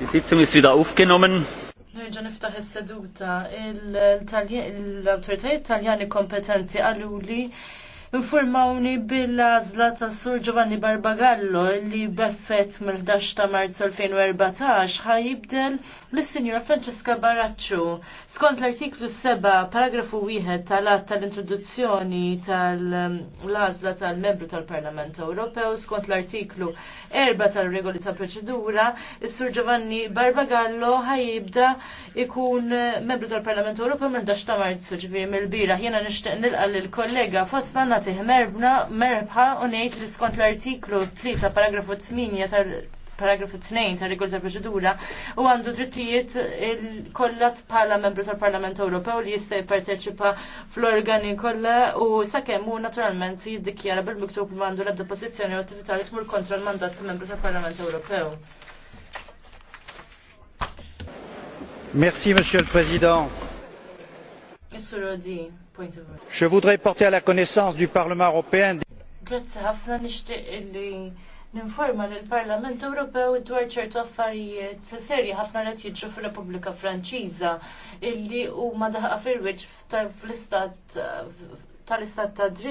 Die Sitzung ist wieder aufgenommen. Nerġa' niftaħ is-seduta. l Taljani Informawni bil azla ta' Sur Giovanni Barbagallo li beffet mill-11 ta' marzu 2014 jibdel l-Sinjora Francesca Baraccio. Skont l-artiklu 7, paragrafu 1 tal-att tal-introduzzjoni tal azla tal-membru tal-Parlament Ewropew, skont l-artiklu 4 tal-regoli ta' proċedura, Sur Giovanni Barbagallo ħajibda ikun membru tal-Parlament Ewropew mill-11 ta' marzu ġviri mill-bira. Jena nishtiq nilqa l-kollega Fosna nagħti merbħa u ngħid li skont l-artiklu 3 paragrafu 8 tal paragrafu 2 ta' regol ta' proċedura u għandu drittijiet kollha bħala membru tal-Parlament Ewropew li jista' jipparteċipa fl-organi kollha u sakemm hu naturalment jiddikjara bil-miktub li għandu l-ebda pożizzjoni u attività li tmur kontra l-mandat ta' membru tal-Parlament Ewropew. Merci, Monsieur le Président. Je voudrais porter à la connaissance du Parlement européen. Grazie ħafna nixtieq illi ninforma l parlament Ewropew dwar ċertu affarijiet serji ħafna qed jiġu fir-Repubblika Franċiża illi huma daħqa fil-wiċċ tal-istat tal-istat ta' dritt.